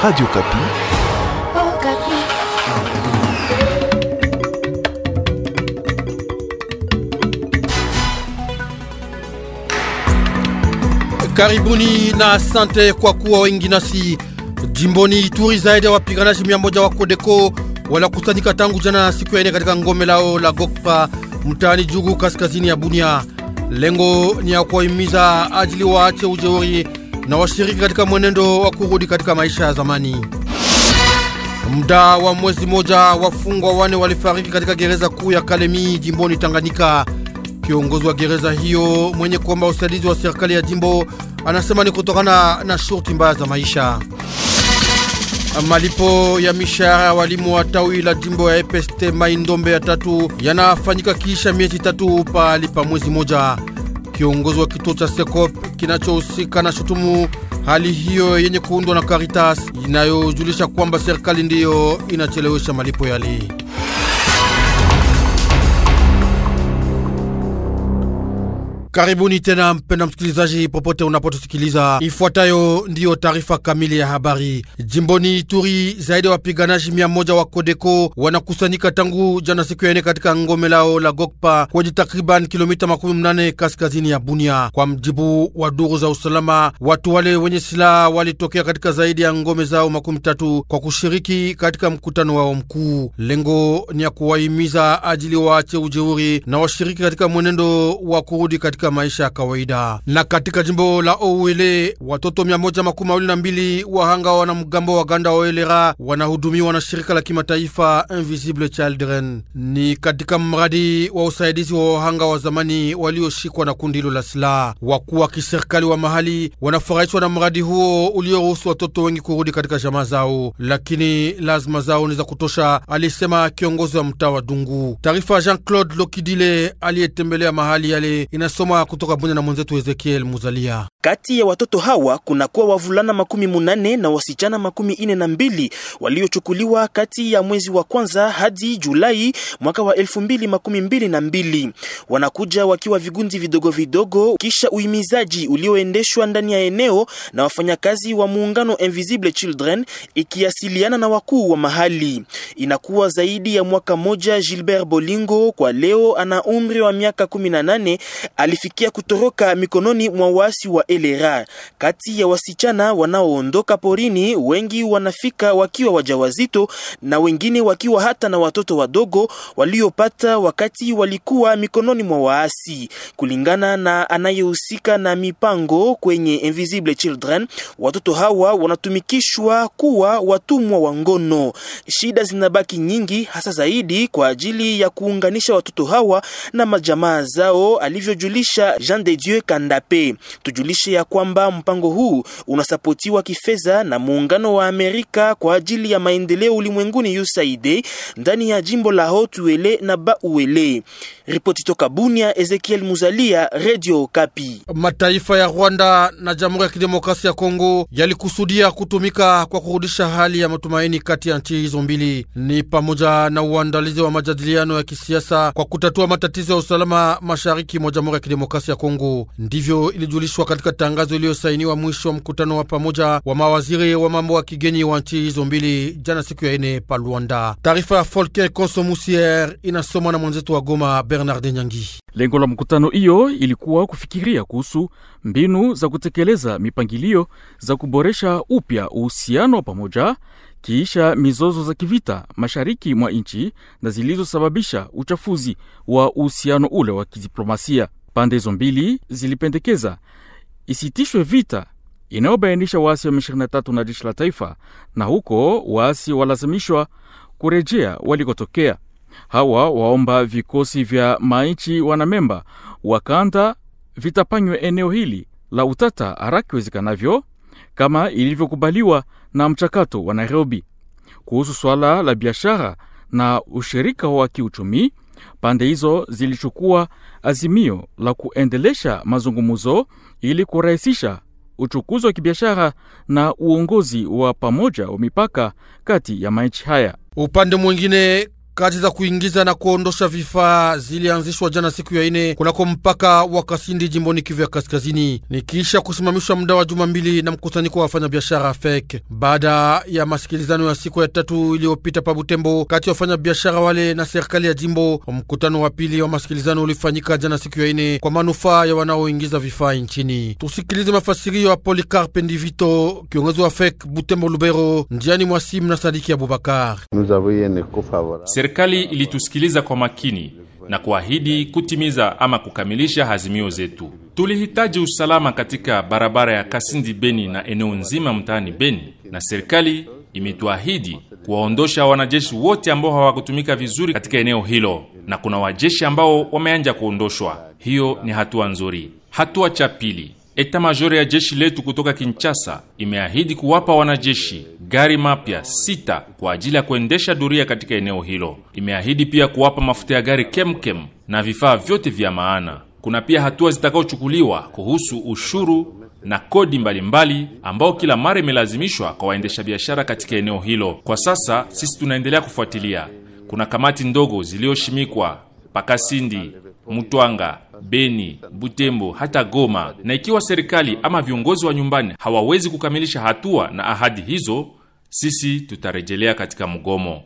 Radio Kapi. Oh, Kapi. Karibuni na asante kwa kuwa wengi nasi. Jimboni Ituri zaidi ya wapiganaji mia moja wa Kodeko walakusanyika tangu jana siku ya ine katika ngome lao la Gokpa mtaani Jugu kaskazini ya Bunia. Lengo ni ya kuwahimiza ajili waache ujeuri na washiriki katika mwenendo wa kurudi katika maisha ya zamani. Muda wa mwezi moja wafungwa wane walifariki katika gereza kuu ya Kalemi jimboni Tanganyika. Kiongozi wa gereza hiyo mwenye kuomba usaidizi wa serikali ya jimbo anasema ni kutokana na shurti mbaya za maisha. Malipo ya mishahara ya walimu wa tawi la jimbo ya EPST maindombe ya tatu yanafanyika kiisha miezi tatu pahali pa mwezi moja. Kiongozi wa kituo cha sekop kinachohusika na shutumu hali hiyo yenye kuundwa na Caritas inayojulisha kwamba serikali ndiyo inachelewesha malipo yali. Karibuni tena mpenda msikilizaji, popote unapotusikiliza, ifuatayo ndiyo taarifa kamili ya habari. Jimboni Ituri, zaidi ya wapiganaji mia moja wa Kodeko wanakusanyika tangu jana siku ya ine katika ngome lao la Gokpa kwenye takriban kilomita makumi mnane kaskazini ya Bunia. Kwa mjibu wa duru za usalama, watu wale wenye silaha walitokea katika zaidi ya ngome zao makumi tatu kwa kushiriki katika mkutano wao mkuu. Lengo ni ya kuwahimiza ajili waache ujeuri na washiriki katika mwenendo wa kurudi katika katika maisha ya kawaida. Na katika jimbo la Owele, watoto 122 wahanga wa wanamgambo wa ganda wa elera wanahudumiwa na shirika la kimataifa Invisible Children. Ni katika mradi wa usaidizi wa wahanga wa zamani walioshikwa na kundi hilo la silaha. Wakuu wa kiserikali wa mahali wanafurahishwa na mradi huo ulioruhusu watoto wengi kurudi katika jamaa zao, lakini lazima zao ni za kutosha, alisema kiongozi wa mtaa wa Dungu. Taarifa Jean-Claude Lokidile aliyetembelea mahali yale inasoma Goma kutoka Bunya na mwenzetu Ezekiel Muzalia. Kati ya watoto hawa kunakuwa wavulana makumi munane na wasichana makumi ine na mbili waliochukuliwa kati ya mwezi wa kwanza hadi Julai mwaka wa elfu mbili makumi mbili na mbili. Wanakuja wakiwa vigundi vidogo vidogo, kisha uhimizaji ulioendeshwa ndani ya eneo na wafanyakazi wa muungano Invisible Children ikiasiliana na wakuu wa mahali. Inakuwa zaidi ya mwaka moja. Gilbert Bolingo kwa leo ana umri wa miaka 18 ilifikia kutoroka mikononi mwa waasi wa LRA. Kati ya wasichana wanaoondoka porini, wengi wanafika wakiwa wajawazito na wengine wakiwa hata na watoto wadogo waliopata wakati walikuwa mikononi mwa waasi. Kulingana na anayehusika na mipango kwenye Invisible Children, watoto hawa wanatumikishwa kuwa watumwa wa ngono. Shida zinabaki nyingi, hasa zaidi kwa ajili ya kuunganisha watoto hawa na majamaa zao, alivyojulisha kujulisha Jean de Dieu Kandape. Tujulishe ya kwamba mpango huu unasapotiwa kifedha na muungano wa Amerika kwa ajili ya maendeleo ulimwenguni USAID ndani ya jimbo la Hotuele na Bauele. Ripoti toka Bunia, Ezekiel Muzalia, Radio Kapi. Mataifa ya Rwanda na Jamhuri ya Kidemokrasia ya Kongo yalikusudia kutumika kwa kurudisha hali ya matumaini kati ya nchi hizo mbili, ni pamoja na uandalizi wa majadiliano ya kisiasa kwa kutatua matatizo ya usalama mashariki mwa Jamhuri ya Kidemokrasia ya Kongo. Ndivyo ilijulishwa katika tangazo iliyosainiwa mwisho wa mkutano wa pamoja wa mawaziri wa mambo ya kigeni wa nchi hizo mbili jana siku ya ine pa Luanda. Taarifa ya Folke Koso Musier inasomwa na mwenzetu wa Goma, Bernard Nyangi. Lengo la mkutano hiyo ilikuwa kufikiria kuhusu mbinu za kutekeleza mipangilio za kuboresha upya uhusiano wa pamoja kiisha mizozo za kivita mashariki mwa nchi na zilizosababisha uchafuzi wa uhusiano ule wa kidiplomasia. Pande hizo mbili zilipendekeza isitishwe vita inayobainisha waasi wa M23 na jeshi la taifa, na huko waasi walazimishwa kurejea walikotokea. Hawa waomba vikosi vya maichi wanamemba wakanda vitapanywe eneo hili la utata haraka iwezekanavyo kama ilivyokubaliwa na mchakato wa Nairobi. Kuhusu swala la biashara na ushirika wa kiuchumi, Pande hizo zilichukua azimio la kuendelesha mazungumzo ili kurahisisha uchukuzi wa kibiashara na uongozi wa pamoja wa mipaka kati ya maichi haya. Upande mwingine Kazi za kuingiza na kuondosha vifaa zilianzishwa jana siku ya ine kunako mpaka wa Kasindi jimboni Kivu ya Kaskazini, nikiisha kusimamishwa muda wa juma mbili na mkusanyiko wa wafanyabiashara FEK baada ya masikilizano ya siku ya tatu iliyopita pa Butembo kati ya wafanyabiashara wale na serikali ya jimbo. Mkutano wa pili wa masikilizano ulifanyika jana siku ya ine kwa manufaa ya wanaoingiza vifaa nchini. Tusikilize mafasirio ya Polycarp Ndivito, kiongozi wa FEK Butembo Lubero, njiani mwa simu na Sadiki Abubakar serikali ilitusikiliza kwa makini na kuahidi kutimiza ama kukamilisha hazimio zetu. Tulihitaji usalama katika barabara ya Kasindi Beni na eneo nzima mtaani Beni, na serikali imetuahidi kuwaondosha wanajeshi wote ambao hawakutumika vizuri katika eneo hilo, na kuna wajeshi ambao wameanja kuondoshwa. Hiyo ni hatua nzuri. Hatua cha pili, eta majori ya jeshi letu kutoka Kinshasa imeahidi kuwapa wanajeshi magari mapya sita kwa ajili ya kuendesha duria katika eneo hilo. Imeahidi pia kuwapa mafuta ya gari kemkem na vifaa vyote vya maana. Kuna pia hatua zitakaochukuliwa kuhusu ushuru na kodi mbalimbali mbali, ambao kila mara imelazimishwa kwa waendesha biashara katika eneo hilo. Kwa sasa sisi tunaendelea kufuatilia. Kuna kamati ndogo ziliyoshimikwa Pakasindi, Mutwanga, Beni, Butembo hata Goma, na ikiwa serikali ama viongozi wa nyumbani hawawezi kukamilisha hatua na ahadi hizo, sisi tutarejelea katika mgomo.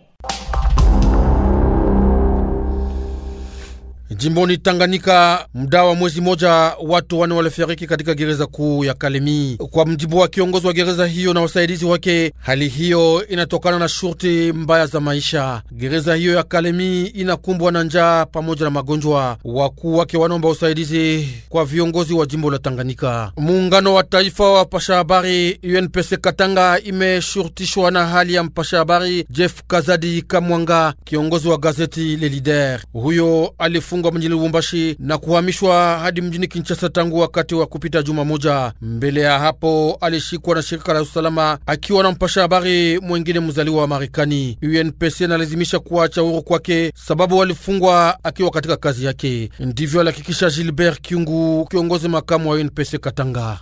Jimboni Tanganyika, mda wa mwezi moja watu wane walifariki katika gereza kuu ya Kalemi, kwa mjibu wa kiongozi wa gereza hiyo na wasaidizi wake. Hali hiyo inatokana na shurti mbaya za maisha. Gereza hiyo ya Kalemi inakumbwa na njaa pamoja na magonjwa. Wakuu wake wanaomba usaidizi kwa viongozi wa jimbo la Tanganyika. Muungano wa taifa wa mpasha habari UNPC Katanga imeshurutishwa na hali ya mpasha habari Jeff Kazadi Kamwanga, kiongozi wa gazeti Le Lider. Huyo alifunga kufungwa mjini Lubumbashi na kuhamishwa hadi mjini Kinshasa tangu wakati wa kupita juma moja. Mbele ya hapo alishikwa na shirika la usalama akiwa na mpasha habari mwengine mzaliwa wa Marekani. UNPC analazimisha kuacha huru kwake sababu alifungwa akiwa katika kazi yake. Ndivyo alihakikisha Gilbert Kyungu, kiongozi makamu wa UNPC Katanga.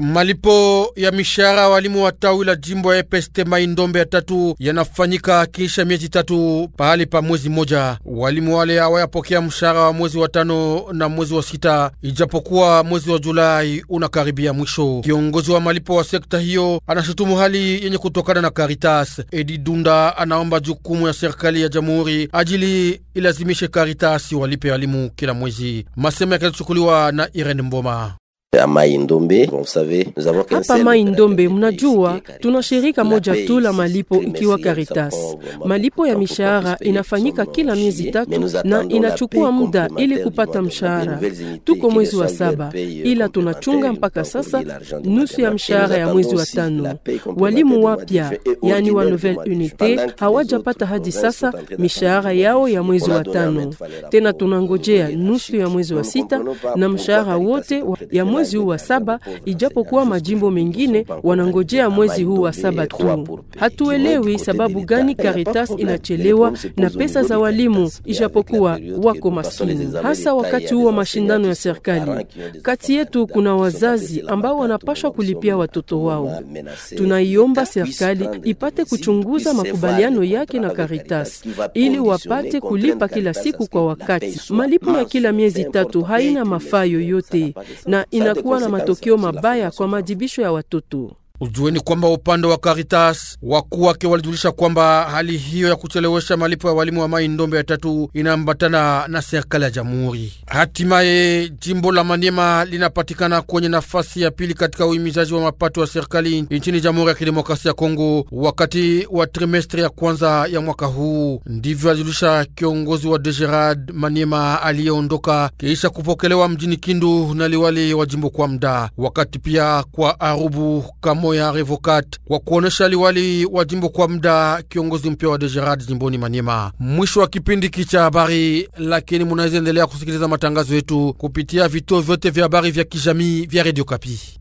Malipo ya mishahara walimu wa tawi la jimbo ya EPST Mai Ndombe ya tatu yanafanyika kisha miezi tatu pahali pa mwezi moja. Walimu wale hawayapokea mshahara wa mwezi wa tano na mwezi wa sita, ijapokuwa mwezi wa Julai unakaribia mwisho. Kiongozi wa malipo wa sekta hiyo anashutumu hali yenye kutokana na Karitas. Edi Dunda anaomba jukumu ya serikali ya jamhuri ajili ilazimishe Karitas walipe walimu kila mwezi. Masema yakalichukuliwa na Irene Mboma. Amai Ndombe, vous savez, nous avons hapa Mai Ndombe, mnajua tuna shirika moja tu la malipo ikiwa Caritas. Malipo ya mishahara inafanyika kila miezi tatu na inachukua muda ili kupata mshahara. Tuko mwezi wa saba, ila tunachunga mpaka sasa nusu ya mshahara ya mwezi wa tano. Walimu wapya, yani wa nouvelle unité, hawajapata hadi sasa mishahara yao ya mwezi wa tano. Tena tunangojea nusu ya mwezi wa sita na mshahara wote ya mwezi huu wa saba, ijapokuwa majimbo mengine wanangojea mwezi huu wa saba tu. Hatuelewi sababu gani Caritas inachelewa na pesa za walimu, ijapokuwa wako maskini, hasa wakati huu wa mashindano ya serikali. Kati yetu kuna wazazi ambao wanapashwa kulipia watoto wao. Tunaiomba serikali ipate kuchunguza makubaliano yake na Caritas ili wapate kulipa kila siku kwa wakati. Malipo ya kila miezi tatu haina mafaa yoyote na ina inakuwa na matokeo mabaya kwa majibisho ya watoto. Ujueni kwamba upande wa Caritas wakuu wake walijulisha kwamba hali hiyo ya kuchelewesha malipo ya walimu wa Mai Ndombe ya tatu inaambatana na serikali ya jamhuri. Hatimaye jimbo la Maniema linapatikana kwenye nafasi ya pili katika uhimizaji wa mapato ya serikali nchini Jamhuri ya Kidemokrasia ya Kongo wakati wa trimestri ya kwanza ya mwaka huu. Ndivyo alijulisha kiongozi wa Degerad Maniema aliyeondoka kisha kupokelewa mjini Kindu na liwali wa jimbo kwa mda wakati pia kwa Arubu kamo misimamo ya Revocat kwa kuonesha liwali wa jimbo kwa muda, kiongozi mpya wa Dejerad jimboni manyema Mwisho wa kipindi cha habari, lakini munaweza endelea kusikiliza matangazo yetu kupitia vituo vyote vya habari vya kijamii vya Radio Kapi.